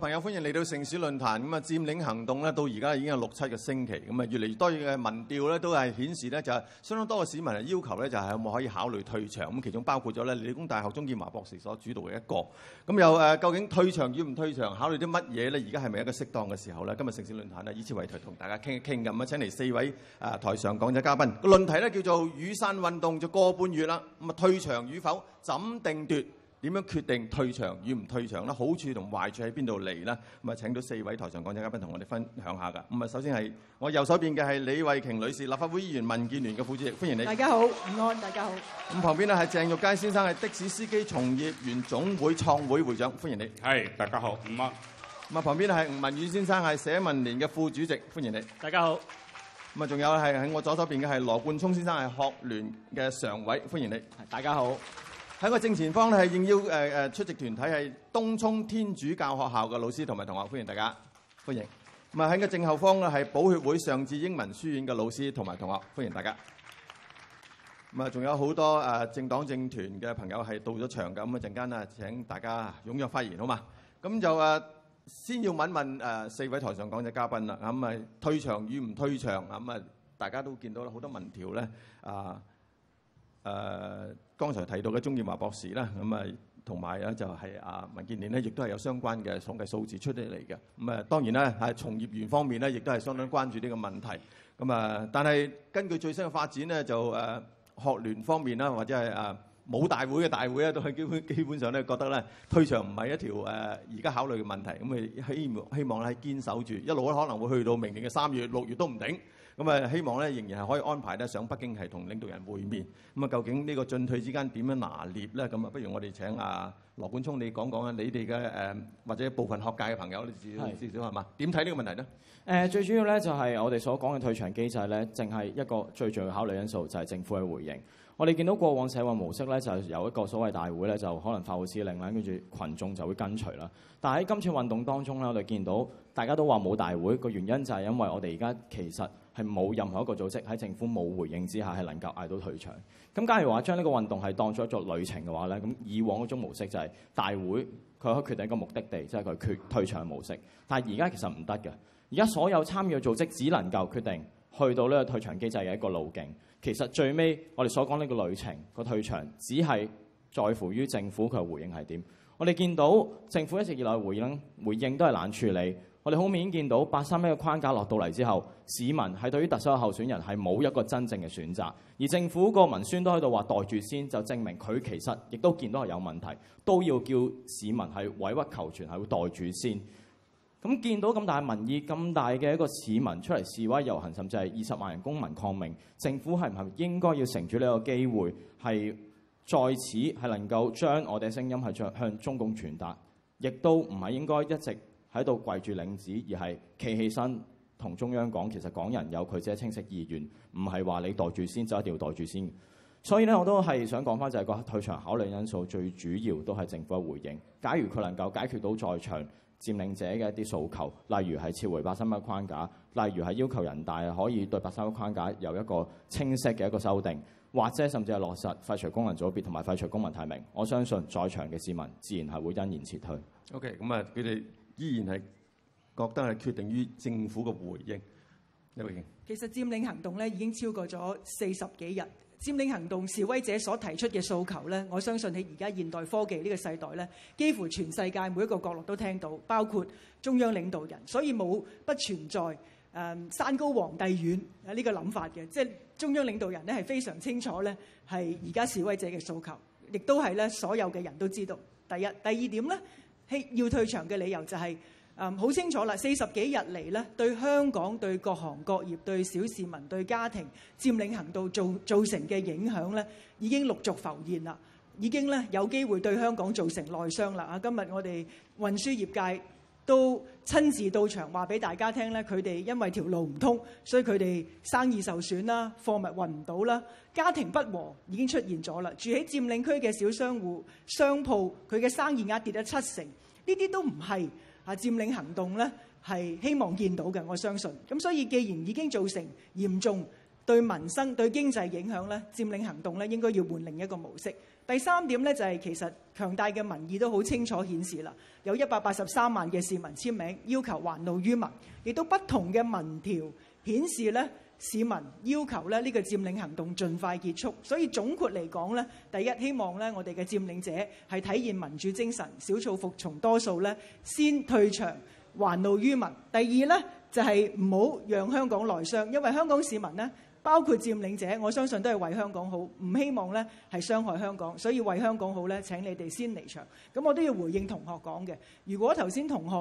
朋友歡迎嚟到城市論壇。咁啊，佔領行動咧到而家已經有六七個星期，咁啊越嚟越多嘅民調咧都係顯示咧就係相當多嘅市民係要求咧就係、是、有冇可以考慮退場。咁其中包括咗咧理工大學鍾劍華博士所主導嘅一個。咁又誒、啊，究竟退場與唔退場，考慮啲乜嘢咧？而家係咪一個適當嘅時候咧？今日城市論壇呢，以此為題同大家傾一傾。咁啊，請嚟四位誒、呃、台上講者嘉賓。個論題咧叫做雨傘運動就個半月啦，咁啊退場與否怎定奪？點樣決定退場與唔退場咧？好處同壞處喺邊度嚟咧？咁啊請到四位台上講者嘉賓同我哋分享下噶。咁啊首先係我右手邊嘅係李慧瓊女士，立法會議員、民建聯嘅副主席，歡迎你。大家好，午安，大家好。咁旁邊咧係鄭玉佳先生，係的士司機從業員總會創會會長，歡迎你。係，大家好，午安。咁啊旁邊係吳文遠先生，係社民連嘅副主席，歡迎你。大家好。咁啊仲有係喺我左手邊嘅係羅冠聰先生，係學聯嘅常委，歡迎你。係，大家好。喺個正前方咧係應邀，誒誒出席團體係東涌天主教學校嘅老師同埋同學，歡迎大家，歡迎。咁啊喺個正後方咧係寶血會上智英文書院嘅老師同埋同學，歡迎大家。咁啊仲有好多誒政黨政團嘅朋友係到咗場，咁啊陣間啊請大家踴躍發言好嘛？咁就誒先要問問誒四位台上講者嘉賓啦，咁啊退場與唔退場，咁啊大家都見到啦，好多民調咧啊誒。呃呃剛才提到嘅鍾劍華博士啦，咁啊同埋咧就係啊民建聯咧，亦都係有相關嘅統計數字出啲嚟嘅。咁啊，當然咧，喺從業員方面咧，亦都係相當關注呢個問題。咁啊，但係根據最新嘅發展咧，就誒學聯方面啦，或者係誒冇大會嘅大會咧，都係基本基本上咧覺得咧退場唔係一條誒而家考慮嘅問題。咁啊，希望希望咧係堅守住一路咧可能會去到明年嘅三月六月都唔定。咁啊，希望咧仍然係可以安排咧上北京係同領導人會面。咁啊，究竟呢個進退之間點樣拿捏咧？咁啊，不如我哋請阿羅冠聰你說說你，你講講啊，你哋嘅或者部分學界嘅朋友，你少少係嘛？點睇呢個問題呢？誒、呃，最主要咧就係我哋所講嘅退場機制咧，淨係一個最重要嘅考慮因素就係、是、政府嘅回應。我哋見到過往社會模式咧，就係有一個所謂大會咧，就可能發號施令，跟住群眾就會跟隨啦。但係喺今次運動當中咧，我哋見到大家都話冇大會，個原因就係因為我哋而家其實。係冇任何一個組織喺政府冇回應之下係能夠嗌到退場。咁假如話將呢個運動係當做一作旅程嘅話咧，咁以往嗰種模式就係大會佢可以決定一個目的地，即係佢決退場模式。但係而家其實唔得嘅。而家所有參與嘅組織只能夠決定去到呢個退場機制嘅一個路徑。其實最尾我哋所講呢個旅程、這個退場，只係在乎於政府佢嘅回應係點。我哋見到政府一直以來回應，回應都係冷處理。我哋好明顯見到八三一嘅框架落到嚟之後，市民係對於特首嘅候選人係冇一個真正嘅選擇，而政府個文宣都喺度話待住先，就證明佢其實亦都見到係有問題，都要叫市民係委屈求全，係會待住先。咁見到咁大民意，咁大嘅一個市民出嚟示威遊行，甚至係二十萬人公民抗命，政府係唔係應該要乘住呢個機會，係在此係能夠將我哋嘅聲音係向中共傳達，亦都唔係應該一直，喺度跪住領紙，而係企起身同中央講，其實港人有佢自己清晰意願，唔係話你袋住先就一定要袋住先。所以咧，我都係想講翻就係、是、個退場考慮因素，最主要都係政府嘅回應。假如佢能夠解決到在場佔領者嘅一啲訴求，例如係撤回八三一框架，例如係要求人大可以對八三一框架有一個清晰嘅一個修訂，或者甚至係落實廢除功能組別同埋廢除公民提名，我相信在場嘅市民自然係會欣然撤退。O.K. 咁啊，佢哋。依然係覺得係決定於政府嘅回應。李慧瓊，其實佔領行動咧已經超過咗四十幾日。佔領行動示威者所提出嘅訴求咧，我相信喺而家現代科技呢個世代咧，幾乎全世界每一個角落都聽到，包括中央領導人，所以冇不存在誒山高皇帝遠呢個諗法嘅。即係中央領導人咧係非常清楚咧，係而家示威者嘅訴求，亦都係咧所有嘅人都知道。第一，第二點咧。要退場嘅理由就係，嗯，好清楚啦。四十幾日嚟咧，對香港、對各行各業、對小市民、對家庭佔領行動造造成嘅影響咧，已經陸續浮現啦。已經咧有機會對香港造成內傷啦。啊，今日我哋運輸業界。都親自到場話俾大家聽咧，佢哋因為條路唔通，所以佢哋生意受損啦，貨物運唔到啦，家庭不和已經出現咗啦。住喺佔領區嘅小商戶、商鋪，佢嘅生意額跌咗七成，呢啲都唔係啊佔領行動咧，係希望見到嘅。我相信咁，所以既然已經造成嚴重對民生對經濟影響咧，佔領行動咧應該要換另一個模式。第三點咧就係其實強大嘅民意都好清楚顯示啦，有一百八十三萬嘅市民簽名要求還路於民，亦都不同嘅民調顯示咧市民要求咧呢個佔領行動盡快結束。所以總括嚟講咧，第一，希望咧我哋嘅佔領者係體現民主精神，少數服從多數咧先退場還路於民。第二咧就係唔好讓香港來傷，因為香港市民咧。包括佔領者，我相信都係為香港好，唔希望咧係傷害香港，所以為香港好咧，請你哋先離場。咁我都要回應同學講嘅，如果頭先同學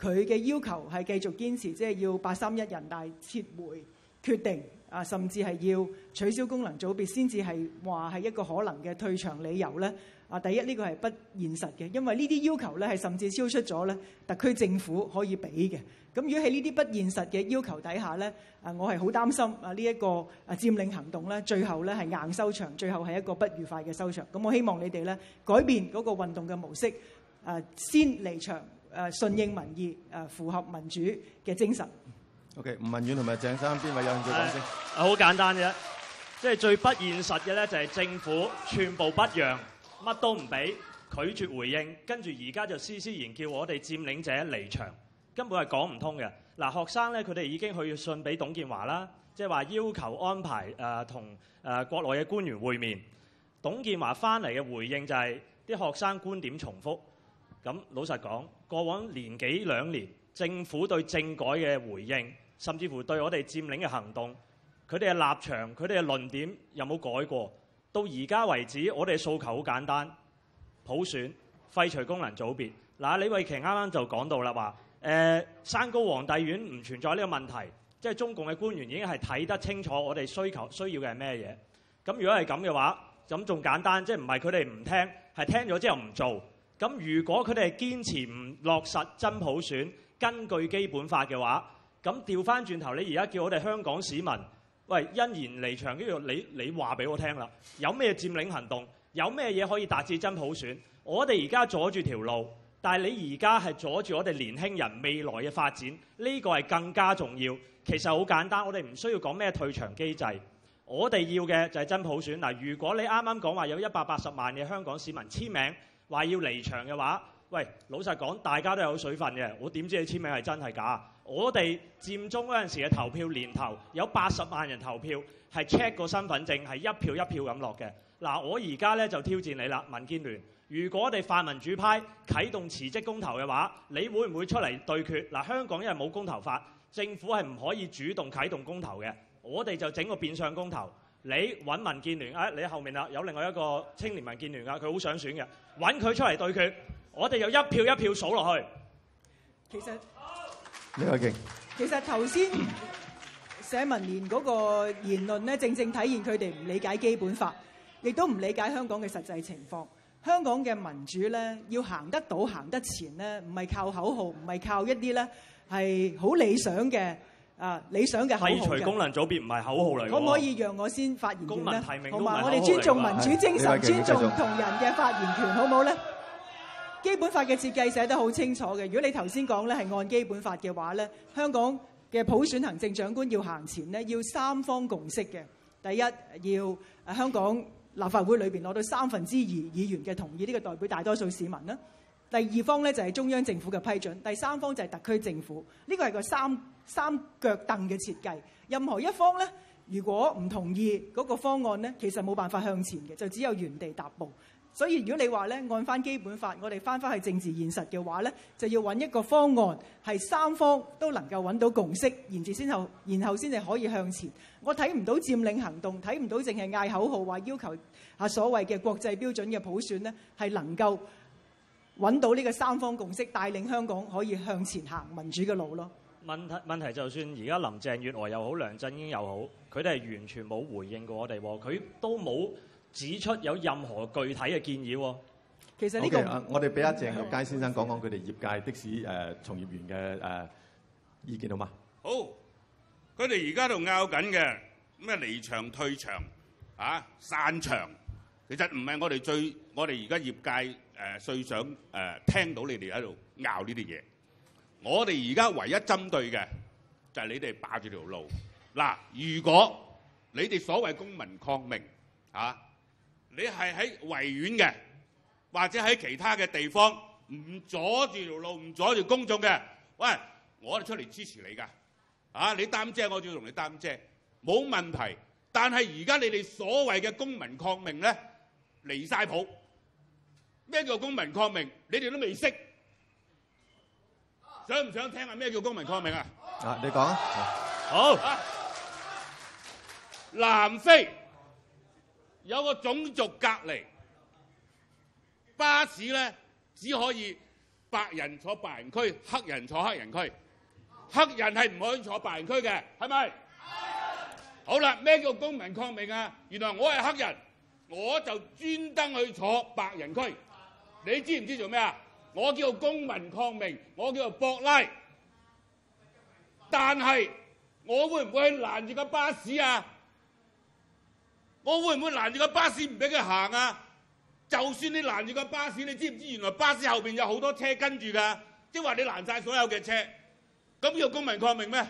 佢嘅要求係繼續堅持，即係要八三一人大撤回決定啊，甚至係要取消功能組別，先至係話係一個可能嘅退場理由咧。啊！第一呢、呢個係不現實嘅，因為呢啲要求咧係甚至超出咗咧特區政府可以俾嘅。咁如果喺呢啲不現實嘅要求底下咧，啊我係好擔心啊呢一個啊佔領行動咧最後咧係硬收場，最後係一個不愉快嘅收場。咁我希望你哋咧改變嗰個運動嘅模式，啊先離場，啊順應民意，啊符合民主嘅精神。OK，吳文遠同埋鄭生，邊位有興趣講先？啊、哎，好簡單嘅，即係最不現實嘅咧就係政府全部不讓。乜都唔俾，拒絕回應，跟住而家就施施然叫我哋佔領者離場，根本係講唔通嘅。嗱，學生咧，佢哋已經去信俾董建華啦，即係話要求安排誒同誒國內嘅官員會面。董建華翻嚟嘅回應就係、是、啲學生觀點重複。咁、嗯、老實講，過往年幾兩年政府對政改嘅回應，甚至乎對我哋佔領嘅行動，佢哋嘅立場，佢哋嘅論點有冇改過？到而家為止，我哋嘅訴求好簡單：普選、廢除功能組別。嗱，李慧瓊啱啱就講到啦，話、呃、誒，山高皇帝遠唔存在呢個問題，即係中共嘅官員已經係睇得清楚，我哋需求需要嘅係咩嘢。咁如果係咁嘅話，咁仲簡單，即係唔係佢哋唔聽，係聽咗之後唔做。咁如果佢哋堅持唔落實真普選，根據基本法嘅話，咁掉返轉頭，你而家叫我哋香港市民。喂，欣然離場，你你話俾我聽啦。有咩佔領行動，有咩嘢可以達至真普選？我哋而家阻住條路，但係你而家係阻住我哋年輕人未來嘅發展，呢個係更加重要。其實好簡單，我哋唔需要講咩退場機制，我哋要嘅就係真普選嗱。如果你啱啱講話有一百八十萬嘅香港市民簽名，話要離場嘅話，喂，老實講，大家都有水分嘅，我點知你簽名係真係假的？我哋佔中嗰陣時嘅投票年頭有八十萬人投票，係 check 個身份證，係一票一票咁落嘅。嗱，我而家咧就挑戰你啦，民建聯。如果我哋泛民主派啟動辭職公投嘅話，你會唔會出嚟對決？嗱，香港因為冇公投法，政府係唔可以主動啟動公投嘅。我哋就整個變相公投，你揾民建聯啊，你後面啊有另外一個青年民建聯噶，佢好想選嘅，揾佢出嚟對決，我哋又一票一票數落去。其實。李慧瓊，其實頭先社民連嗰個言論咧，正正體現佢哋唔理解基本法，亦都唔理解香港嘅實際情況。香港嘅民主咧，要行得到、行得前咧，唔係靠口號，唔係靠一啲咧係好理想嘅啊理想嘅。排除功能組別唔係口號嚟嘅。可唔可以讓我先發言咧？同埋吧我哋尊重民主精神，尊重同人嘅發言權，好唔好咧？基本法嘅設計寫得好清楚嘅，如果你頭先講咧係按基本法嘅話咧，香港嘅普選行政長官要行前咧，要三方共識嘅。第一要香港立法會裏面攞到三分之二議員嘅同意，呢個代表大多數市民啦。第二方咧就係中央政府嘅批准，第三方就係特區政府。呢個係個三三腳凳嘅設計，任何一方咧如果唔同意嗰個方案咧，其實冇辦法向前嘅，就只有原地踏步。所以如果你話咧按翻基本法，我哋翻翻去政治現實嘅話咧，就要揾一個方案係三方都能夠揾到共識，然之後然後先至可以向前。我睇唔到佔領行動，睇唔到淨係嗌口號話要求啊所謂嘅國際標準嘅普選咧，係能夠揾到呢個三方共識，帶領香港可以向前行民主嘅路咯。問題問題，就算而家林鄭月娥又好，梁振英又好，佢哋係完全冇回應過我哋喎，佢都冇。指出有任何具體嘅建議、哦 okay，哦，其實呢、呢個，okay，啊、我哋俾阿鄭玉佳先生講講佢哋業界的士誒的、啊、從業員嘅誒、啊、意見好嗎？好，佢哋而家度拗緊嘅，咩啊離場退場啊散場，其實唔係我哋最我哋而家業界誒、啊、最想誒、啊、聽到你哋喺度拗呢啲嘢。我哋而家唯一針對嘅就係你哋霸住條路嗱、啊，如果你哋所謂公民抗命啊！你係喺維園嘅，或者喺其他嘅地方，唔阻住條路，唔阻住公眾嘅，喂，我哋出嚟支持你噶，啊，你擔遮，我就要同你擔遮，冇問題。但係而家你哋所謂嘅公民抗命咧，離晒譜。咩叫公民抗命？你哋都未識。想唔想聽下、啊、咩叫公民抗命啊？啊，你講啊，好，好啊。南非。有個種族隔離，巴士呢，只可以白人坐白人區，黑人坐黑人區，黑人係唔可以坐白人區嘅，係咪？的好啦，咩叫公民抗命啊？原來我係黑人，我就專登去坐白人區。你知唔知做咩啊？我叫公民抗命，我叫博拉，但係我會唔會去攔住個巴士啊？我會唔會攔住個巴士唔俾佢行啊？就算你攔住個巴士，你知唔知原來巴士後邊有好多車跟住㗎？即係話你攔晒所有嘅車，咁叫公民抗命咩？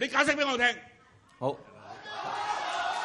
你解釋俾我聽。好，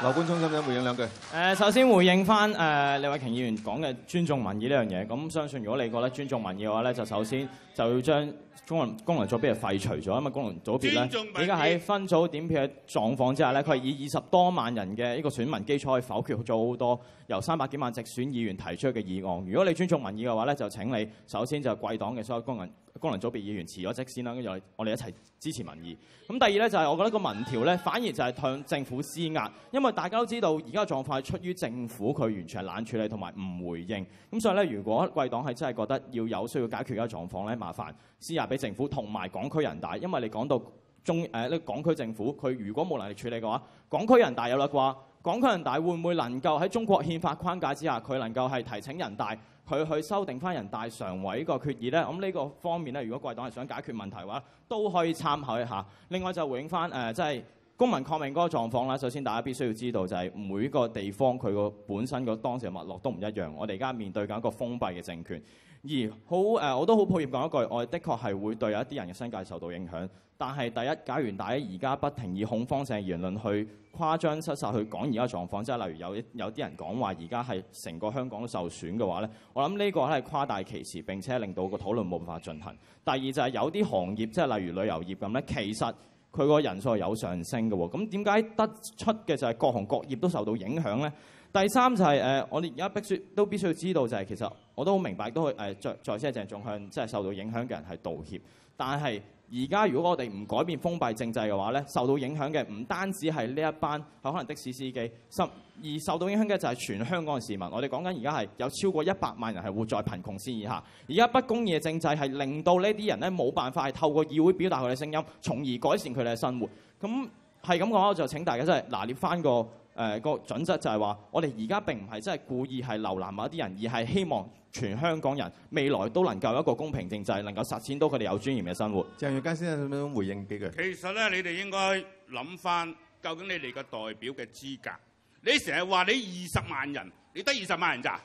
劉冠中有冇想回應兩句？誒、呃，首先回應翻誒、呃、李慧瓊議員講嘅尊重民意呢樣嘢。咁、嗯、相信如果你覺得尊重民意嘅話咧，就首先就要將功能功能組別係廢除咗，因為功能組別咧，而家喺分組點票嘅狀況之下咧，佢係以二十多萬人嘅呢個選民基礎去否決咗好多由三百幾萬直選議員提出嘅議案。如果你尊重民意嘅話咧，就請你首先就係貴黨嘅所有功能功能組別議員辭咗職先啦，跟住我哋一齊支持民意。咁第二咧就係、是、我覺得個民調咧反而就係向政府施壓，因為大家都知道而家嘅狀況係出於政府佢完全係冷處理同埋唔回應。咁所以咧，如果貴黨係真係覺得要有需要解決依個狀況咧，麻煩施俾政府同埋港區人大，因為你講到中誒呢、呃這個、港區政府，佢如果冇能力處理嘅話，港區人大有啦話，港區人大會唔會能夠喺中國憲法框架之下，佢能夠係提請人大佢去修訂翻人大常委個決議咧？咁、嗯、呢、這個方面咧，如果貴黨係想解決問題嘅話，都可以參考一下。另外就回應翻誒，即、呃、係、就是、公民抗命嗰個狀況啦。首先大家必須要知道，就係每個地方佢個本身個當時嘅脈絡都唔一樣。我哋而家面對緊一個封閉嘅政權。而好誒、呃，我都好抱歉講一句，我哋的確係會對有一啲人嘅身界受到影響。但係第一，假如大家而家不停以恐慌性言論去誇張失實去講而家狀況，即係例如有有啲人講話而家係成個香港都受損嘅話咧，我諗呢個咧係誇大其詞，並且令到個討論冇辦法進行。第二就係有啲行業，即係例如旅遊業咁咧，其實佢個人數係有上升嘅喎。咁點解得出嘅就係各行各業都受到影響咧？第三就係、是、誒、呃，我哋而家必須都必須要知道、就是，就係其實我都好明白，都誒、呃、再再係鄭總向即係受到影響嘅人係道歉。但係而家如果我哋唔改變封閉政制嘅話咧，受到影響嘅唔單止係呢一班，係可能的士司機，而受到影響嘅就係全香港嘅市民。我哋講緊而家係有超過一百萬人係活在貧窮線以下。而家不公義嘅政制係令到這些呢啲人咧冇辦法係透過議會表達佢哋聲音，從而改善佢哋嘅生活。咁係咁嘅話，我就請大家真係拿捏翻個。誒個、呃、準則就係話，我哋而家並唔係真係故意係留難某一啲人，而係希望全香港人未來都能夠一個公平政制，能夠實踐到佢哋有尊嚴嘅生活。鄭玉佳先生點樣回應幾句？其實咧，你哋應該諗翻究竟你哋嘅代表嘅資格。你成日話你二十萬人，你得二十萬人咋？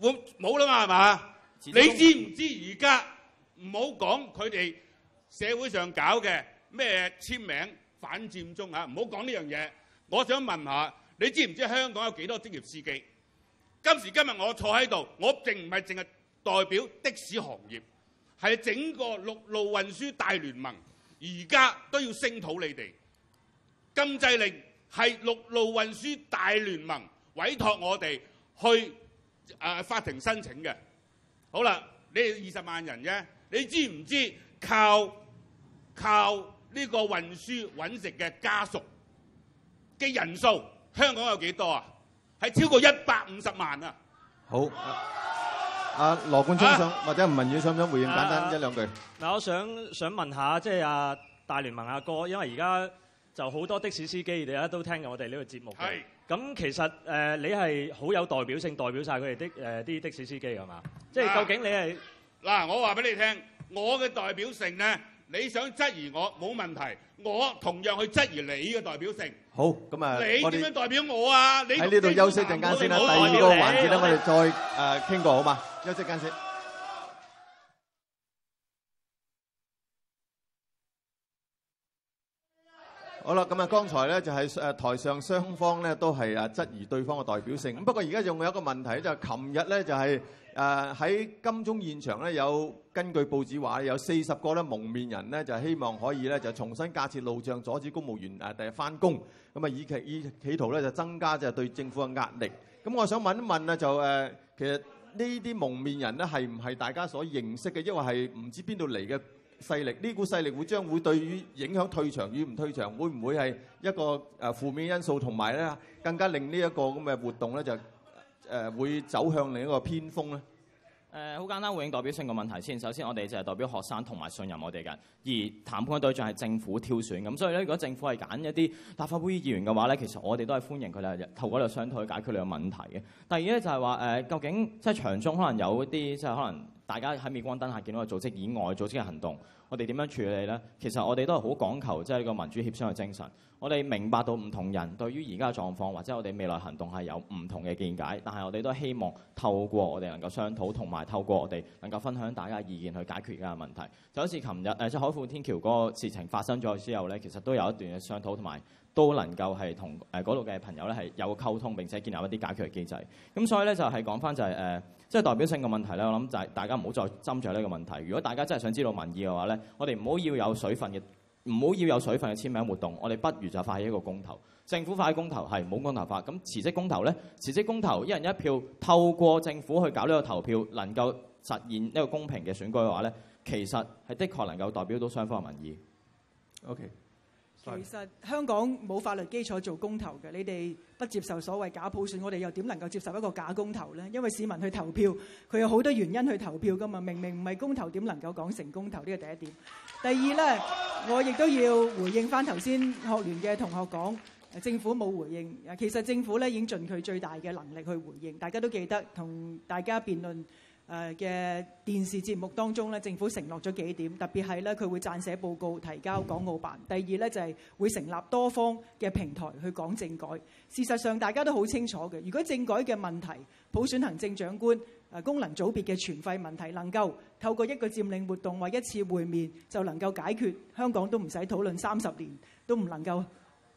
冇啦嘛係嘛？你知唔知而家唔好講佢哋社會上搞嘅咩簽名反佔中啊？唔好講呢樣嘢。我想問下，你知唔知香港有幾多職業司機？今時今日，我坐喺度，我淨唔係淨係代表的士行業，係整個陸路運輸大聯盟，而家都要聲討你哋禁制令，係陸路運輸大聯盟委託我哋去誒法庭申請嘅。好啦，你二十萬人啫，你知唔知靠靠呢個運輸搵食嘅家屬？嘅人數，香港有幾多啊？係超過一百五十萬啊！好，阿、啊啊、羅冠聰想、啊、或者吳文遠想唔想回應簡單一兩句？嗱、啊啊啊，我想想問下，即係阿大聯盟阿哥，因為而家就好多的士司機，大家都聽緊我哋呢個節目嘅。咁是其實誒、呃，你係好有代表性，代表晒佢哋的誒啲、呃、的士司機係嘛？即係、就是、究竟你係嗱、啊啊，我話俾你聽，我嘅代表性咧。你想質疑我冇問題，我同樣去質疑你嘅代表性。好，咁啊，你點樣代表我啊？你喺呢度休息一陣間先啦，第二個環節咧，我哋再誒傾過好嘛？休息一陣間先。好啦，咁啊，剛才咧就係誒台上雙方咧都係啊質疑對方嘅代表性。咁不過而家仲有一個問題，就係琴日咧就係誒喺金鐘現場咧有根據報紙話咧有四十個咧蒙面人咧就希望可以咧就重新架設路障，阻止公務員誒第日返工。咁啊，以期以企圖咧就增加就對政府嘅壓力。咁我想問一問啊，就誒其實呢啲蒙面人咧係唔係大家所認識嘅，抑或係唔知邊度嚟嘅？勢力呢股勢力會將會對於影響退場與唔退場，會唔會係一個誒負面因素，同埋咧更加令呢一個咁嘅活動咧就誒會走向另一個偏鋒咧？誒好、呃、簡單，回應代表性嘅問題先。首先，我哋就係代表學生同埋信任我哋嘅，而談判嘅對象係政府挑選咁，所以咧，如果政府係揀一啲立法會議員嘅話咧，其實我哋都係歡迎佢哋透過兩相推解決你個問題嘅。第二咧就係話誒，究竟即係場中可能有一啲即係可能。大家喺滅光燈下見到個組織以外組織嘅行動，我哋點樣處理呢？其實我哋都係好講求即係呢個民主協商嘅精神。我哋明白到唔同人對於而家嘅狀況或者我哋未來行動係有唔同嘅見解，但係我哋都希望透過我哋能夠商討，同埋透過我哋能夠分享大家嘅意見去解決而家嘅問題。就好似琴日誒即海富天橋嗰個事情發生咗之後呢，其實都有一段嘅商討同埋，都能夠係同誒嗰度嘅朋友咧係有溝通，並且建立一啲解決嘅機制。咁所以咧就係講翻就係誒，即係代表性嘅問題咧，我諗就係大家唔好再斟酌呢個問題。如果大家真係想知道民意嘅話咧，我哋唔好要有水分嘅，唔好要有水分嘅簽名活動。我哋不如就發起一個公投，政府發起公投，係冇公投法。咁辭職公投咧，辭職公投一人一票，透過政府去搞呢個投票，能夠實現呢個公平嘅選舉嘅話咧，其實係的確能夠代表到雙方嘅民意。OK。其實香港冇法律基礎做公投嘅，你哋不接受所謂假普選，我哋又點能夠接受一個假公投呢？因為市民去投票，佢有好多原因去投票㗎嘛。明明唔係公投，點能夠講成公投？呢個第一點。第二呢，我亦都要回應返頭先學聯嘅同學講，政府冇回應。其實政府呢已經盡佢最大嘅能力去回應。大家都記得同大家辯論。誒嘅電視節目當中咧，政府承諾咗幾點，特別係咧，佢會撰寫報告提交港澳辦。第二咧就係會成立多方嘅平台去講政改。事實上大家都好清楚嘅，如果政改嘅問題、普選行政長官、誒功能組別嘅存廢問題能夠透過一個佔領活動或一次會面就能夠解決，香港都唔使討論三十年，都唔能夠。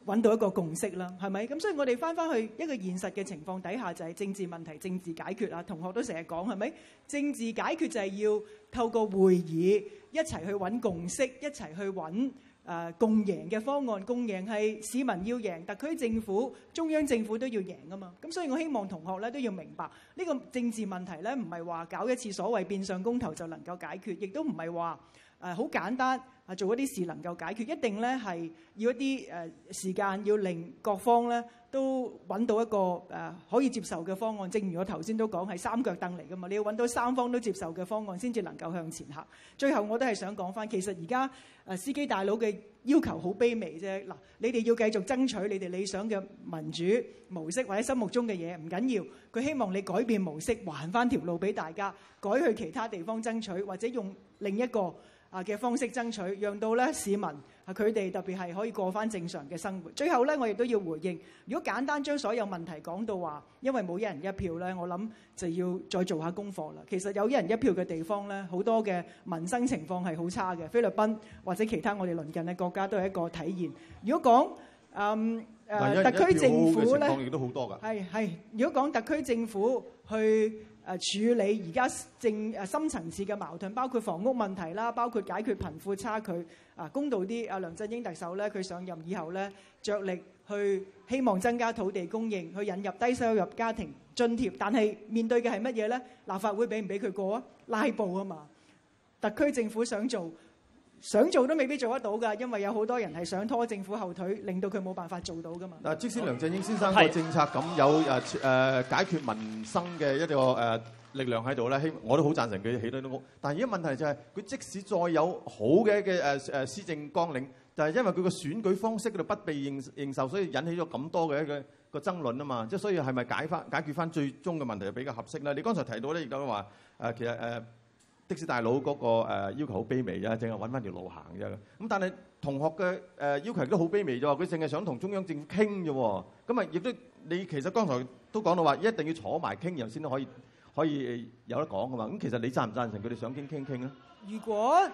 揾到一個共識啦，係咪？咁所以我哋返返去一個現實嘅情況底下，就係政治問題，政治解決喇。同學都成日講，係咪？政治解決就係要透過會議一齊去揾共識，一齊去揾誒共贏嘅方案。共贏係市民要贏，特區政府、中央政府都要贏啊嘛！咁所以我希望同學咧都要明白，呢個政治問題咧唔係話搞一次所謂變相公投就能夠解決，亦都唔係話誒好簡單。做一啲事能夠解決，一定咧係要一啲誒時間，要令各方咧都揾到一個誒可以接受嘅方案。正如我頭先都講，係三腳凳嚟㗎嘛，你要揾到三方都接受嘅方案，先至能夠向前行。最後我都係想講翻，其實而家誒司機大佬嘅要求好卑微啫。嗱，你哋要繼續爭取你哋理想嘅民主模式或者心目中嘅嘢，唔緊要。佢希望你改變模式，還翻條路俾大家，改去其他地方爭取，或者用另一個，啊嘅方式爭取，讓到咧市民啊佢哋特別係可以過翻正常嘅生活。最後咧，我亦都要回應。如果簡單將所有問題講到話，因為冇一人一票咧，我諗就要再做下功課啦。其實有一人一票嘅地方咧，好多嘅民生情況係好差嘅。菲律賓或者其他我哋鄰近嘅國家都係一個體現。如果講嗯誒特區政府咧，情況亦都好多㗎。係係，如果講特區政府去。誒處理而家政誒深層次嘅矛盾，包括房屋問題啦，包括解決貧富差距啊，公道啲。阿梁振英特首咧，佢上任以後咧，着力去希望增加土地供應，去引入低收入家庭津貼，但係面對嘅係乜嘢咧？立法會俾唔俾佢過啊？拉布啊嘛，特區政府想做，想做都未必做得到噶，因為有好多人係想拖政府後腿，令到佢冇辦法做到噶嘛。嗱，即使梁振英先生個政策咁有誒誒解決民生嘅一個誒力量喺度咧，希我都好贊成佢起多啲屋。但係而家問題就係，佢即使再有好嘅嘅誒誒施政綱領，就係因為佢個選舉方式嗰度不被認認受，所以引起咗咁多嘅一個個爭論啊嘛。即係所以係咪解翻解決翻最終嘅問題比較合適咧？你剛才提到咧，亦都話誒，其實誒。的士大佬嗰個要求好卑微啊，淨係揾翻條路行啫。咁但係同學嘅誒要求都好卑微啫，佢淨係想同中央政府傾啫。咁啊，亦都你其實剛才都講到話，一定要坐埋傾，然後先可以可以有得講噶嘛。咁其實你贊唔贊成佢哋想傾傾傾咧？談談如果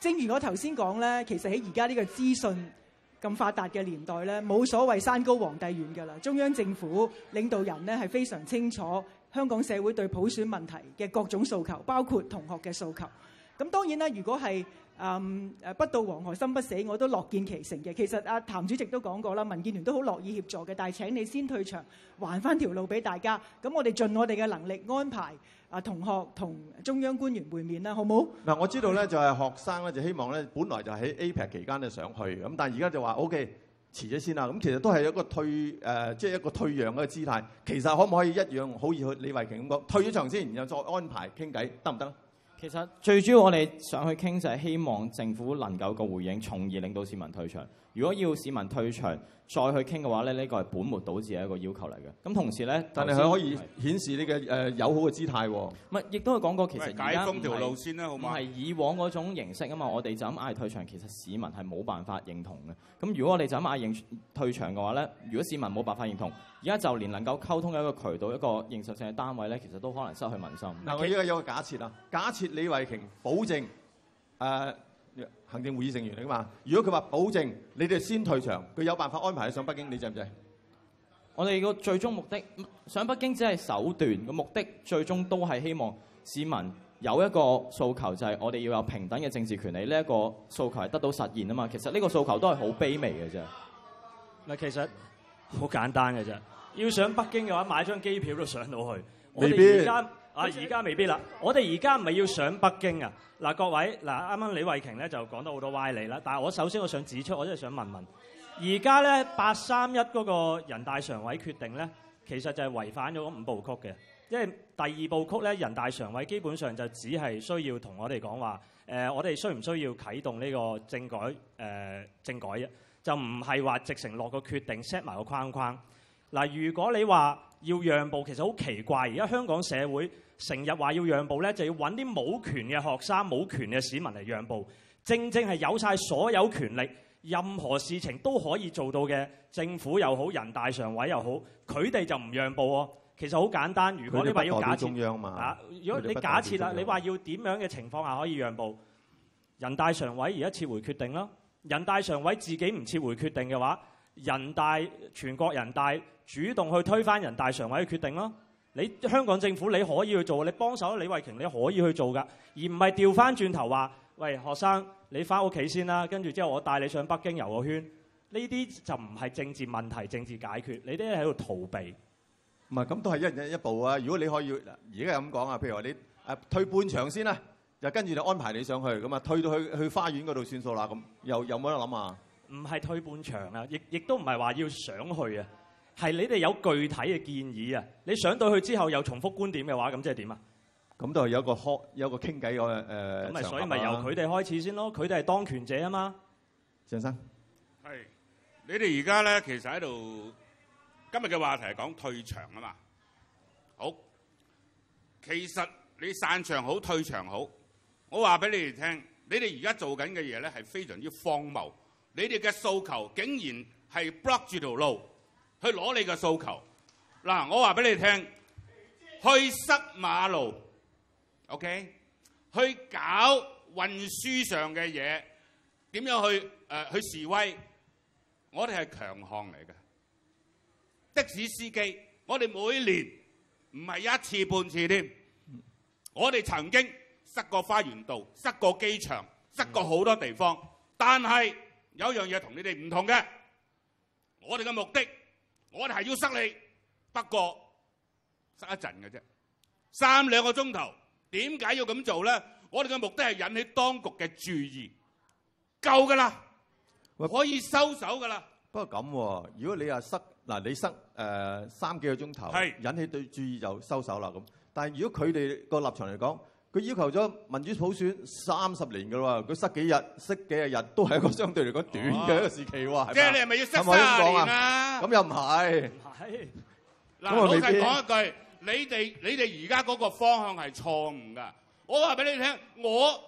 正如我頭先講咧，其實喺而家呢個資訊咁發達嘅年代咧，冇所謂山高皇帝遠噶啦。中央政府領導人咧係非常清楚。香港社會對普選問題嘅各種訴求，包括同學嘅訴求。咁當然咧，如果係誒誒不到黃河心不死，我都樂見其成嘅。其實啊，譚主席都講過啦，民建聯都好樂意協助嘅。但係請你先退場，還翻條路俾大家。咁我哋盡我哋嘅能力安排啊同學同中央官員會面啦，好唔好？嗱，我知道咧就係學生咧就希望咧，本來就喺 APEC 期間咧想去，咁但係而家就話 OK。遲咗先啦，咁其實都係一個退誒，即、呃、係、就是、一個退讓嘅姿態。其實可唔可以一樣？好似去李慧瓊咁講，退咗場先，然後再安排傾偈，得唔得？行行其實最主要我哋上去傾就係希望政府能夠個回應，從而令到市民退場。如果要市民退場，再去傾嘅話咧，呢、呢個係本末倒置嘅一個要求嚟嘅。咁同時咧，但係佢可以是顯示呢個誒友好嘅姿態，啊。唔係亦都係講過，其實解封條路線家唔、啊、好唔係以往嗰種形式啊嘛。我哋就咁嗌退場，其實市民係冇辦法認同嘅。咁如果我哋就咁嗌認退場嘅話咧，如果市民冇辦法認同，而家就連能夠溝通一個渠道、一個認受性嘅單位咧，其實都可能失去民心。嗱我，我依家有個假設啊，假設李慧瓊保證、呃行政會議成員嚟噶嘛？如果佢話保證你哋先退場，佢有辦法安排你上北京，你制唔制？我哋個最終目的上北京只係手段，個目的最終都係希望市民有一個訴求，就係、是、我哋要有平等嘅政治權利。呢、這、一個訴求係得到實現啊嘛。其實呢個訴求都係好卑微嘅啫。唔其實好簡單嘅啫。要上北京嘅話，買張機票都上到去。你邊必？我哋而家啊！而家未必啦，我哋而家唔係要上北京啊！嗱，各位嗱，啱啱李慧瓊咧就講得好多歪理啦。但係我首先我想指出，我真係想問問，而家咧八三一嗰個人大常委決定咧，其實就係違反咗五部曲嘅。因為第二部曲咧，人大常委基本上就只係需要同我哋講話，誒、呃，我哋需唔需要啟動呢個政改？誒、呃，政改啫，就唔係話直情落個決定 set 埋個框框。嗱、啊，如果你話要讓步，其實好奇怪。而家香港社會成日話要讓步咧，就要揾啲冇權嘅學生、冇權嘅市民嚟讓步。正正係有晒所有權力，任何事情都可以做到嘅政府又好、人大常委又好，佢哋就唔讓步喎、哦。其實好簡單，如果你話要假設，中央嘛啊，如果，如果你假設啦，你話要點樣嘅情況下可以讓步？人大常委而家撤回決定咯，人大常委自己唔撤回決定嘅話，人大全國人大主動去推翻人大常委嘅決定咯。你香港政府你可以去做，你幫手李慧瓊你可以去做噶，而唔係調翻轉頭話，喂，學生，你翻屋企先啦，跟住之後我帶你上北京遊個圈。呢啲就唔係政治問題、政治解決，你都係喺度逃避。唔係，咁都係一人一一步啊！如果你可以，而家咁講啊，譬如話你誒、呃、退半場先啦、啊，就跟住就安排你上去，咁啊退到去去花園嗰度算數啦，咁又有冇得諗啊？唔係退半場啊，亦亦都唔係話要想去啊。係你哋有具體嘅建議啊！你上到去之後又重複觀點嘅話，咁即係點啊？咁都係有個開有個傾偈個誒。咁、呃、咪所以咪由佢哋開始先咯？佢哋係當權者啊嘛。鄭生係你哋而家咧，其實喺度今日嘅話題係講退場啊嘛。好，其實你散場好，退場好，我話俾你哋聽，你哋而家做緊嘅嘢咧係非常之荒謬。你哋嘅訴求竟然係 block 住條路。去攞你嘅訴求，嗱，我話俾你聽，去塞馬路，OK，去搞運輸上嘅嘢，點樣去誒、呃、去示威？我哋係強項嚟嘅， 的士司機，我哋每年唔係一次半次添，我哋曾經塞過花園道，塞過機場，塞過好多地方， 但係有一樣嘢同你哋唔同嘅，我哋嘅目的。我係要塞你，不過塞一陣嘅啫，三兩個鐘頭。點解要咁做咧？我哋嘅目的係引起當局嘅注意，夠噶啦，喂可以收手噶啦。不過咁、啊，如果你話塞嗱，你塞誒、呃、三幾個鐘頭，是引起對注意就收手啦咁。但係如果佢哋個立場嚟講，佢要求咗民主普選三十年噶啦喎，佢失幾日失幾廿日都係一個相對嚟講短嘅一個時期喎，係咪啊？咁又唔係。唔係。嗱，老實講一句，你哋你哋而家嗰個方向係錯誤噶。我話俾你聽，我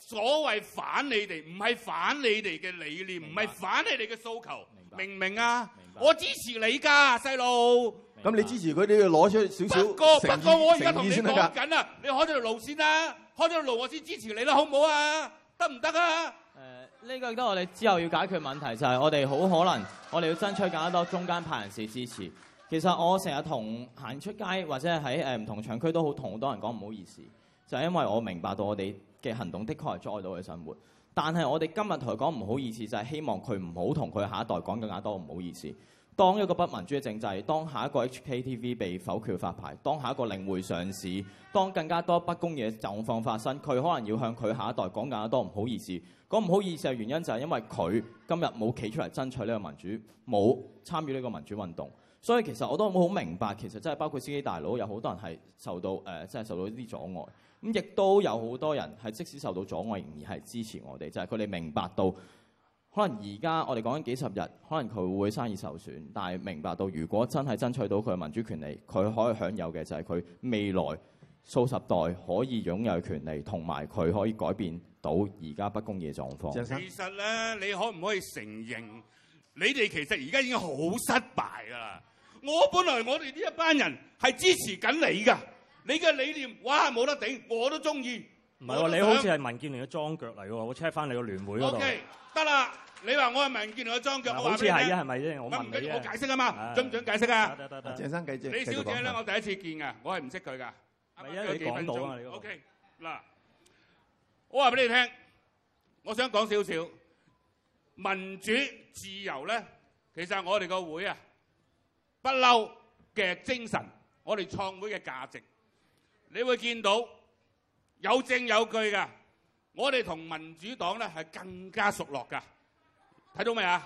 所謂反你哋，唔係反你哋嘅理念，唔係反你哋嘅訴求，明唔明啊？我支持你噶，細路。咁白你支持佢都要攞出少少。不過不過，意不過我而家同你講緊啦，你開咗條路先啦，開咗條路我先支持你啦、啊，好唔好啊？得唔得啊？誒、呃，呢、這個都我哋之後要解決問題就係、是、我哋好可能我哋要爭取更加多中間派人士支持。其實我成日同行出街或者喺誒唔同場區都好同好多人講唔好意思，就係、是、因為我明白到我哋嘅行動的確係阻礙到佢生活。但係我哋今日同佢講唔好意思，就係希望佢唔好同佢下一代講更加多唔好意思。當一個不民主嘅政制，當下一個 HKTV 被否決發牌，當下一個領匯上市，當更加多不公義嘅狀況發生，佢可能要向佢下一代講更加多唔好意思。講唔好意思嘅原因就係因為佢今日冇企出嚟爭取呢個民主，冇參與呢個民主運動。所以其實我都好明白，其實真係包括司機大佬，有好多人係受到誒，真、呃、係受到一啲阻礙。咁亦都有好多人係即使受到阻礙，仍然係支持我哋，就係佢哋明白到可能而家我哋講緊幾十日，可能佢會生意受損，但係明白到如果真係爭取到佢民主權利，佢可以享有嘅就係佢未來數十代可以擁有權利，同埋佢可以改變到而家不公義嘅狀況。其實咧，你可唔可以承認你哋其實而家已經好失敗啦？我本來我哋呢一班人係支持緊你噶。你嘅理念，哇冇得頂，我都中意。唔係喎，你好似係民建聯嘅樁腳嚟喎，我 check 翻你個聯會嗰度。O K，得啦，你話我係民建聯嘅樁腳，我話俾你聽。嗱，好似係啊，係咪啫？我唔唔唔，我解釋啊嘛，準唔準解釋啊？得得得，鄭生繼續。李小姐咧，我第一次見噶，我係唔識佢噶。唔係因為見唔到啊，你話？O K，嗱，我話俾你聽，我想講少少民主自由咧，其實我哋個會啊，不嬲嘅精神，我哋創會嘅價值。你會見到有證有據嘅，我哋同民主黨咧係更加熟絡噶。睇到未啊？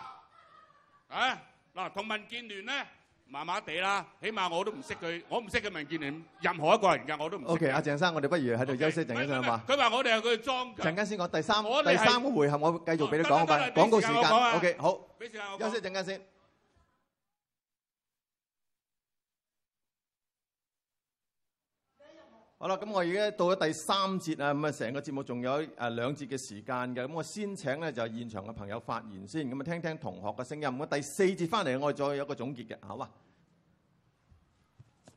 啊嗱，同民建聯咧麻麻地啦，起碼我都唔識佢，我唔識佢民建聯任何一個人噶，我都唔識。O K，阿鄭生，我哋不如喺度休息陣間先話。佢話我哋係佢莊。陣間先講第三第三個回合，我繼續俾你講返廣告時間。O K，好，休息陣間先。好啦，咁我而家到咗第三節啦，咁啊，成個節目仲有誒、啊、兩節嘅時間嘅，咁我先請咧就現場嘅朋友發言先，咁啊，聽聽同學嘅聲音。咁第四節翻嚟，我再有個總結嘅，好嘛、欸？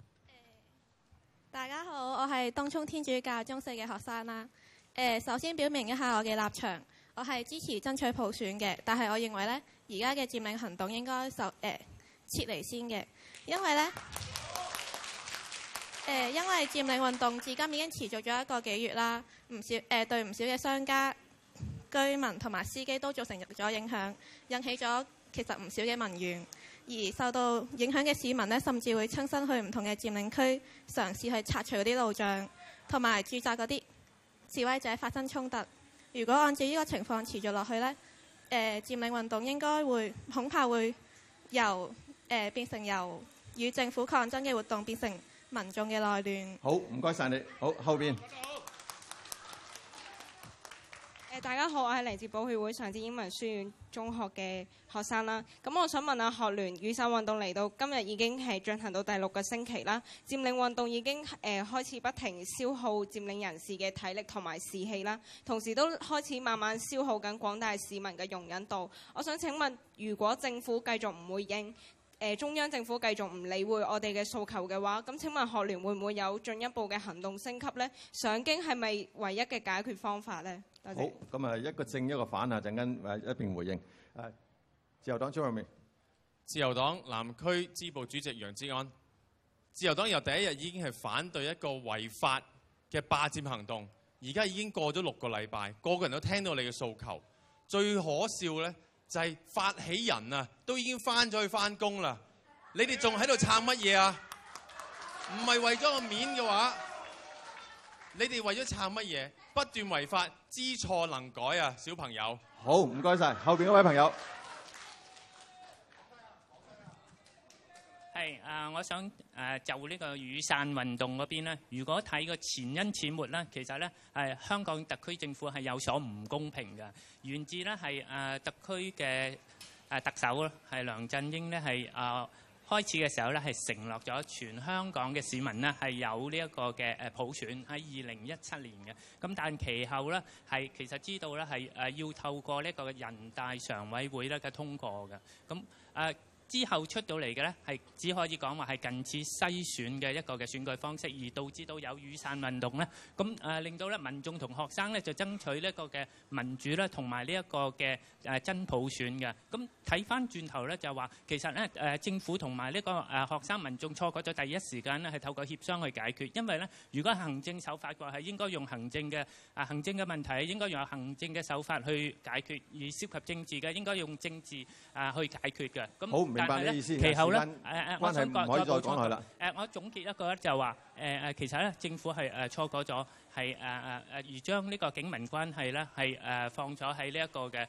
大家好，我係東涌天主教中四嘅學生啦。誒、欸，首先表明一下我嘅立場，我係支持爭取普選嘅，但係我認為咧，而家嘅佔領行動應該就誒、欸、撤離先嘅，因為咧。呃、因為佔領運動至今已經持續咗一個幾月啦，唔少誒、呃、對唔少嘅商家、居民同埋司機都造成咗影響，引起咗其實唔少嘅民怨。而受到影響嘅市民呢，甚至會親身去唔同嘅佔領區嘗試去拆除嗰啲路障，同埋駐紮嗰啲示威者發生衝突。如果按照呢個情況持續落去呢，誒、呃、佔領運動應該會恐怕會由誒、呃、變成由與政府抗爭嘅活動變成。民眾嘅內亂。好，唔該晒你。好，後邊。大家好。我係嚟自寶血會上智英文書院中學嘅學生啦。咁我想問下、啊，學聯雨傘運動嚟到今日已經係進行到第六個星期啦。佔領運動已經誒、呃、開始不停消耗佔領人士嘅體力同埋士氣啦，同時都開始慢慢消耗緊廣大市民嘅容忍度。我想請問，如果政府繼續唔回應，誒中央政府繼續唔理會我哋嘅訴求嘅話，咁請問學聯會唔會有進一步嘅行動升級咧？上京係咪唯一嘅解決方法咧？謝謝。好，咁啊一個正一個反啊，陣間一並回應。自由黨張華明，自由黨南區支部主席楊志安，自由黨由第一日已經係反對一個違法嘅霸佔行動，而家已經過咗六個禮拜，個個人都聽到你嘅訴求，最可笑咧。就係發起人啊，都已經翻咗去翻工啦！你哋仲喺度撐乜嘢啊？唔係為咗個面嘅話，你哋為咗撐乜嘢？不斷違法，知錯能改啊，小朋友！好，唔該晒後邊嗰位朋友。係啊！我想誒就呢個雨傘運動嗰邊咧，如果睇個前因始末咧，其實咧係香港特區政府係有所唔公平嘅，源自咧係誒特區嘅誒特首係梁振英咧係啊，開始嘅時候咧係承諾咗全香港嘅市民咧係有呢一個嘅誒普選喺二零一七年嘅，咁但其後咧係其實知道咧係誒要透過呢個人大常委會咧嘅通過嘅，咁誒。之後出到嚟嘅咧，係只可以講話係近似篩選嘅一個嘅選舉方式，而導致到有雨傘運動咧，咁誒令到咧民眾同學生咧就爭取呢個嘅民主咧，同埋呢一個嘅誒真普選嘅。咁睇翻轉頭咧，就話其實咧誒政府同埋呢個誒學生民眾錯過咗第一時間咧，係透過協商去解決。因為咧，如果行政手法嘅話，係應該用行政嘅誒行政嘅問題應該用行政嘅手法去解決，而涉及政治嘅應該用政治誒去解決嘅。咁好。其後咧，關係唔可以再講落去啦。誒，我總結一個咧，就話誒誒，其實咧，政府係誒錯過咗，係誒誒誒，而將呢個警民關係咧，係誒放咗喺呢一個嘅誒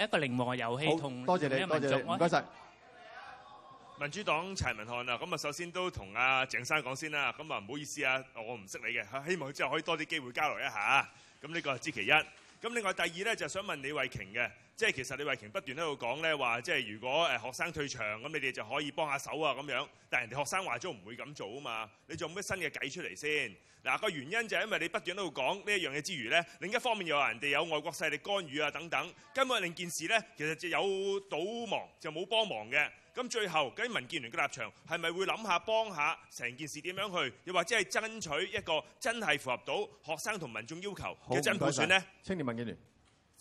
誒一個零和遊戲同呢一個民族。多謝你，多謝唔該曬。民主黨柴文漢啊，咁啊，首先都同阿鄭生講先啦。咁啊，唔好意思啊，我唔識你嘅，希望之後可以多啲機會交流一下。咁呢個係知其一。咁另外第二咧，就想問李慧瓊嘅。即係其實李慧瓊不斷喺度講咧話，即係如果誒學生退場，咁你哋就可以幫下手啊咁樣。但係人哋學生話咗唔會咁做啊嘛，你做咩新嘅計出嚟先？嗱個原因就係因為你不斷喺度講呢一樣嘢之餘咧，另一方面又話人哋有外國勢力干預啊等等。根本令件事咧，其實就有倒忙就冇幫忙嘅。咁最後，究竟民建聯嘅立場係咪會諗下幫下成件事點樣去？又或者係爭取一個真係符合到學生同民眾要求嘅真普選咧？青年民建聯。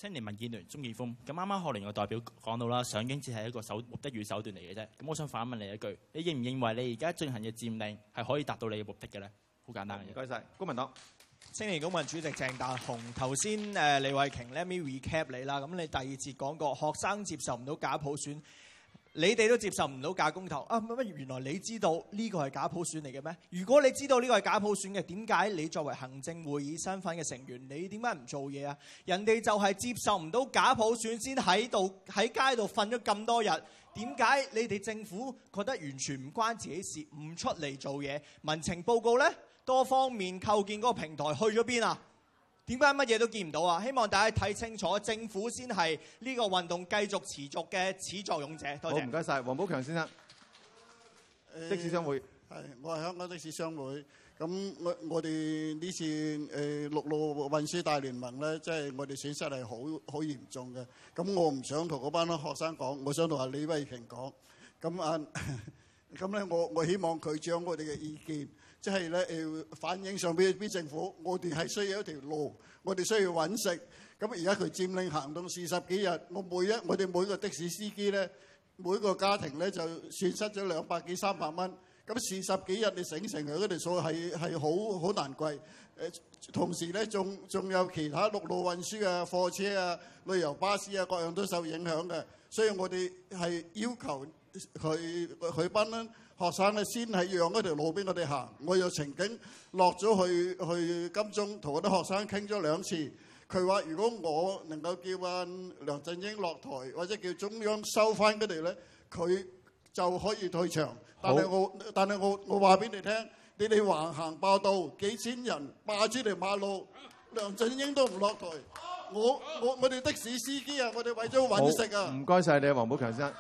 青年民建聯鍾建峰，咁啱啱學聯嘅代表講到啦，上京只係一個手目的與手段嚟嘅啫。咁我想反問你一句，你認唔認為你而家進行嘅佔領係可以達到你嘅目的嘅咧？好簡單嘅嘢。唔該曬，公民黨青年公民主席鄭大雄，頭先誒李慧瓊 let me recap 你啦，咁你第二次講過學生接受唔到假普選。你哋都接受唔到假公投啊？乜乜？原來你知道呢個係假普選嚟嘅咩？如果你知道呢個係假普選嘅，點解你作為行政會議身份嘅成員，你點解唔做嘢啊？人哋就係接受唔到假普選先喺度喺街度瞓咗咁多日。點解你哋政府覺得完全唔關自己事，唔出嚟做嘢？民情報告呢，多方面構建嗰個平台去咗邊啊？點解乜嘢都見唔到啊？希望大家睇清楚，政府先係呢個運動繼續持續嘅始作俑者。多謝。好，唔該曬，黃寶強先生，的士商會，係我係香港的士商會。咁我我哋呢次誒陸路運輸大聯盟咧，即係我哋損失係好好嚴重嘅。咁我唔想同嗰班學生講，我想同阿李慧瓊講。咁啊，咁咧我我希望佢將我哋嘅意見，即係咧，反映上邊俾政府，我哋係需要一條路，我哋需要揾食。咁而家佢佔領行動四十幾日，我每一我哋每個的士司機咧，每個家庭咧就損失咗兩百幾三百蚊。咁四十幾日你醒成佢嗰條數係係好好難貴。誒，同時咧仲仲有其他陸路運輸啊、貨車啊、旅遊巴士啊各樣都受影響嘅，所以我哋係要求佢佢班啦。學生咧先係讓條路俾我哋行，我又曾經落咗去去金鐘，同嗰啲學生傾咗兩次。佢話：如果我能夠叫啊梁振英落台，或者叫中央收翻嗰啲咧，佢就可以退場。但係我但係我我話俾你聽，你哋橫行霸道，幾千人霸住條馬路，梁振英都唔落台。我我我哋的士司機啊，我哋為咗揾食啊。唔該曬你，黃寶強先生。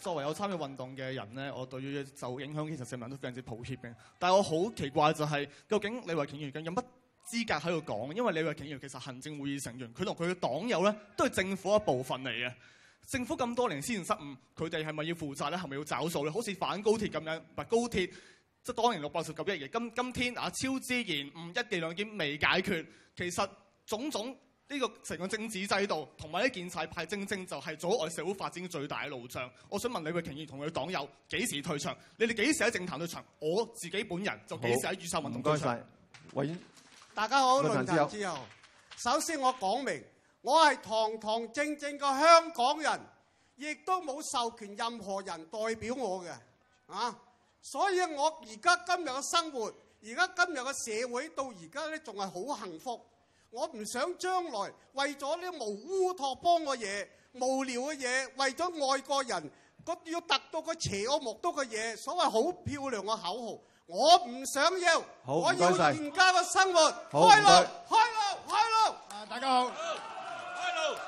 作為有參與運動嘅人咧，我對於受影響，其實市民都非常之抱歉嘅。但係我好奇怪就係、是，究竟李慧瓊如今有乜資格喺度講？因為李慧瓊其，其實行政會議成員，佢同佢嘅黨友咧都係政府一部分嚟嘅。政府咁多年先失誤，佢哋係咪要負責咧？係咪要找數咧？好似反高鐵咁樣，唔高鐵，即、就、係、是、當年六百四十九億嘅。今今天啊，超支現唔一地兩檢未解決，其實種種。呢個成個政治制度同埋啲建制派，正正就係阻礙社會發展最大嘅路障。我想問李慧瓊以及同佢黨友，幾時退場？你哋幾時喺政壇退場？我自己本人就幾時喺雨傘運動退場？謝謝喂大家好，論壇之友。之後首先我講明，我係堂堂正正嘅香港人，亦都冇授權任何人代表我嘅。啊，所以我而家今日嘅生活，而家今日嘅社會到而家咧，仲係好幸福。我唔想將來為咗啲無烏托邦嘅嘢、無聊嘅嘢，為咗外國人個要達到個邪惡目的嘅嘢，所謂好漂亮嘅口號，我唔想要。好，唔該曬。我要廉價嘅生活。好，唔該好。開路，大家好。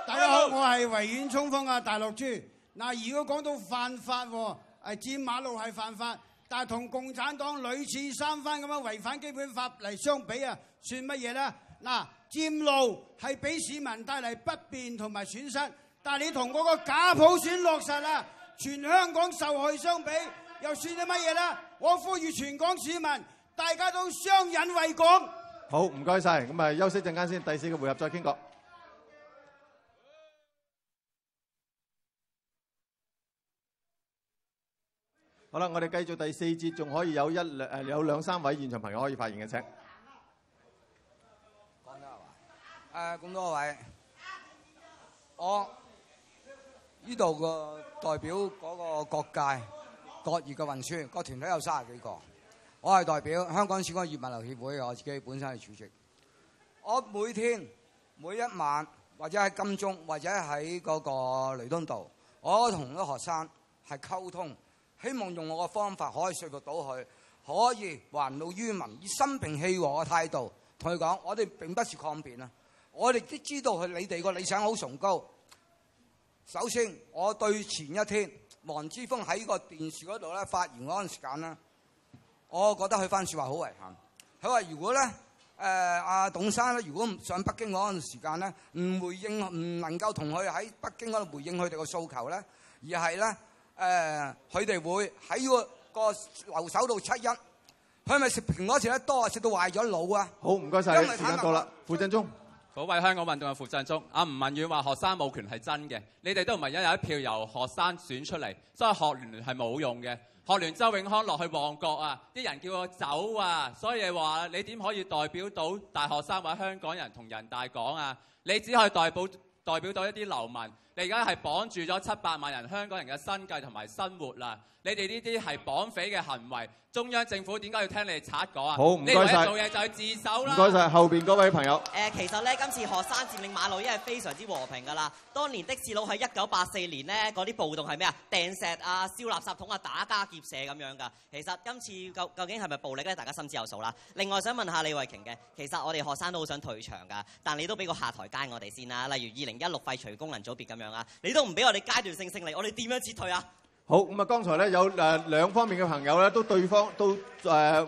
大家好。我係維園衝鋒嘅大陸豬。 如果講到犯法喎、啊，係、啊、佔馬路係犯法，但係同共產黨屢次三番咁樣違反基本法嚟相比啊，算乜嘢呢？佔路係俾市民帶嚟不便同埋損失，但係你同嗰個假普選落實啦，全香港受害相比，又算咗乜嘢啦？我呼籲全港市民，大家都相忍為港。好，唔該晒。咁啊休息陣間先，第四個回合再傾過。好啦，我哋繼續第四節，仲可以有一兩誒，有兩三位現場朋友可以發言嘅請。誒，咁多位，我呢度個代表嗰個各界各業嘅運輸個團體有三十幾個。我係代表香港小工業物流協會，我自己本身係主席。我每天每一晚或者喺金鐘或者喺嗰個雷東道，我同啲學生係溝通，希望用我嘅方法可以說服到佢，可以還路於民，以心平氣和嘅態度同佢講，我哋並不是抗辯啊。我哋都知道佢，你哋個理想好崇高。首先，我對前一天黃之鋒喺個電視嗰度咧發言嗰陣時間，我覺得佢番説話好遺憾。佢話如果咧誒阿董生咧，如果唔上北京嗰陣時間咧，唔回應唔能夠同佢喺北京嗰度回應佢哋個訴求咧，而係咧誒佢哋會喺個留守度七一，佢係咪食蘋果食得多，食到壞咗腦啊？好，唔該曬，時間到啦，傅振中。我為香港運動係負責任。阿吳文遠話學生冇權係真嘅，你哋都唔係一有一票由學生選出嚟，所以學聯係冇用嘅。學聯周永康落去旺角啊，啲人叫我走啊，所以話你點可以代表到大學生或者香港人同人大講啊？你只可以代表代表到一啲流民。你而家係綁住咗七百萬人香港人嘅生計同埋生活啦！你哋呢啲係綁匪嘅行為，中央政府點解要聽你哋賊講啊？好唔該曬，謝謝你做嘢就係自首啦！唔該晒後邊嗰位朋友。誒、呃，其實咧，今次學生佔領馬路已經係非常之和平㗎啦。當年的士佬喺一九八四年呢嗰啲暴動係咩啊？掟石啊、燒垃圾桶啊、打家劫舍咁樣㗎。其實今次究究竟係咪暴力咧？大家心知有數啦。另外想問下李慧瓊嘅，其實我哋學生都好想退場㗎，但你都俾個下台階我哋先啦。例如二零一六廢除功能組別咁樣。你都唔俾我哋階段性勝利，我哋點樣撤退啊？好咁啊！剛才咧有誒兩方面嘅朋友咧，都對方都誒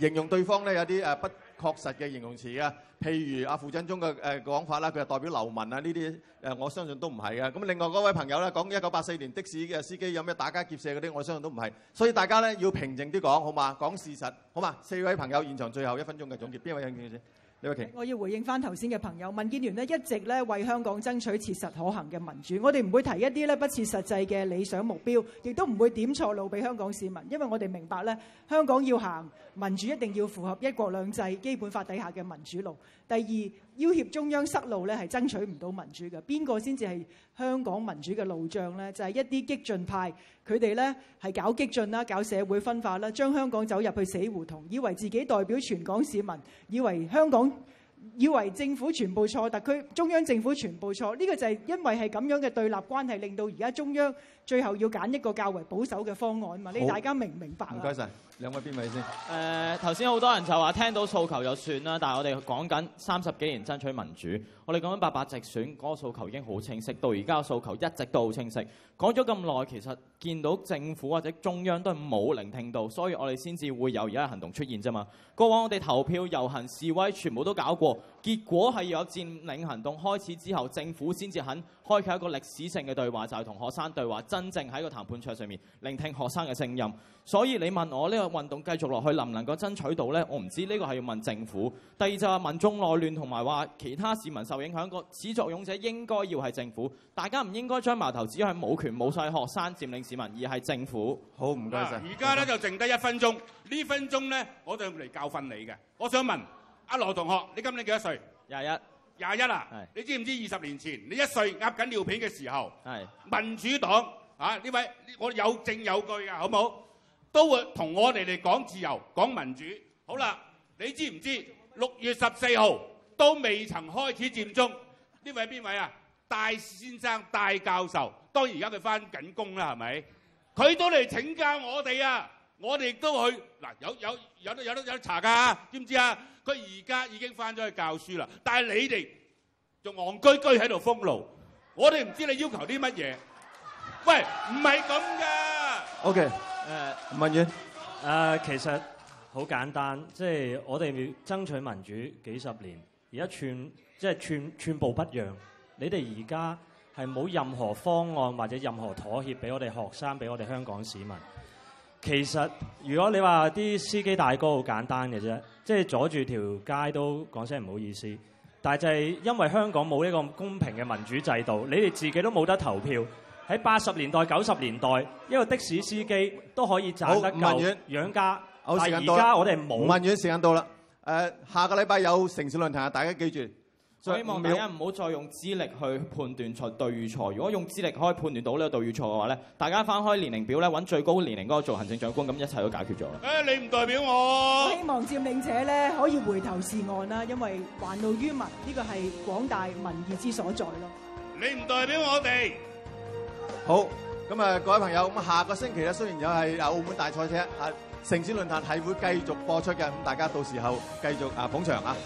形容對方咧有啲誒不確實嘅形容詞嘅，譬如阿傅振中嘅誒講法啦，佢就代表流民啊呢啲誒，我相信都唔係嘅。咁另外嗰位朋友咧講一九八四年的士嘅司機有咩打家劫舍嗰啲，我相信都唔係。所以大家咧要平靜啲講，好嘛？講事實，好嘛？四位朋友現場最後一分鐘嘅總結，邊位有興趣先？Okay. 我要回應翻頭先嘅朋友，民建聯一直為香港爭取切實可行嘅民主，我哋唔會提一啲不切實際嘅理想目標，亦都唔會點錯路俾香港市民，因為我哋明白香港要行。民主一定要符合一國兩制基本法底下嘅民主路。第二，要挾中央失路咧，係爭取唔到民主嘅。邊個先至係香港民主嘅路障呢？就係、是、一啲激進派，佢哋咧係搞激進啦，搞社會分化啦，將香港走入去死胡同。以為自己代表全港市民，以為香港，以為政府全部錯，特區中央政府全部錯。呢、這個就係因為係咁樣嘅對立關係，令到而家中央最後要揀一個較為保守嘅方案啊嘛。好你大家明唔明白？唔該晒。兩位邊位先、呃？誒頭先好多人就話聽到訴求就算啦，但係我哋講緊三十幾年爭取民主，我哋講緊八八直選，嗰個訴求已經好清晰。到而家個訴求一直都好清晰，講咗咁耐，其實見到政府或者中央都係冇聆聽到，所以我哋先至會有而家行動出現啫嘛。過往我哋投票、遊行、示威，全部都搞過，結果係有佔領行動開始之後，政府先至肯。開啟一個歷史性嘅對話，就係、是、同學生對話，真正喺個談判桌上面聆聽學生嘅聲音。所以你問我呢、這個運動繼續落去，能唔能夠爭取到呢？我唔知呢、這個係要問政府。第二就係民眾內亂同埋話其他市民受影響，個始作俑者應該要係政府。大家唔應該將矛頭指向冇權冇勢學生佔領市民，而係政府。好，唔該曬。而家呢就剩低一分鐘，呢好分鐘呢，我就嚟教訓你嘅。我想問阿羅同學，你今年幾多歲？廿一。廿一啊！是你知唔知二十年前你一歲壓緊尿片嘅時候，是民主黨啊，呢位我有證有據嘅，好唔好？都會同我哋嚟講自由、講民主。好啦，你知唔知六月十四號都未曾開始佔中？呢位係邊位啊？戴先生、戴教授，當然而家佢翻緊工啦，係咪？佢都嚟請教我哋啊！我哋亦都去嗱，有有有得有得有得查噶，知唔知啊？佢而家已經返咗去教書啦。但係你哋仲昂居居喺度封路，我哋唔知你要求啲乜嘢。喂，唔係咁噶。O K，誒，吳文遠，誒，其實好簡單，即係我哋爭取民主幾十年，而家寸即係寸寸步不讓。你哋而家係冇任何方案或者任何妥協俾我哋學生，俾我哋香港市民。其實，如果你話啲司機大哥好簡單嘅啫，即係阻住條街都講聲唔好意思。但係就係因為香港冇呢個公平嘅民主制度，你哋自己都冇得投票。喺八十年代、九十年代，一個的士司機都可以賺得夠養家。好，吳文遠，但而家我哋冇。吳文遠時間到啦。誒、呃，下個禮拜有城市論壇啊，大家記住。所以希望大家唔好再用資歷去判斷錯對與錯。如果用資歷可以判斷到呢個對與錯嘅話咧，大家翻開年齡表咧，揾最高年齡嗰個做行政長官，咁一切都解決咗。誒，你唔代表我。我希望佔領者咧可以回頭是岸啦，因為還路於民，呢個係廣大民意之所在咯。你唔代表我哋。好，咁啊，各位朋友，咁下個星期咧，雖然又係澳門大賽車，啊，城市論壇係會繼續播出嘅，咁大家到時候繼續啊捧場啊。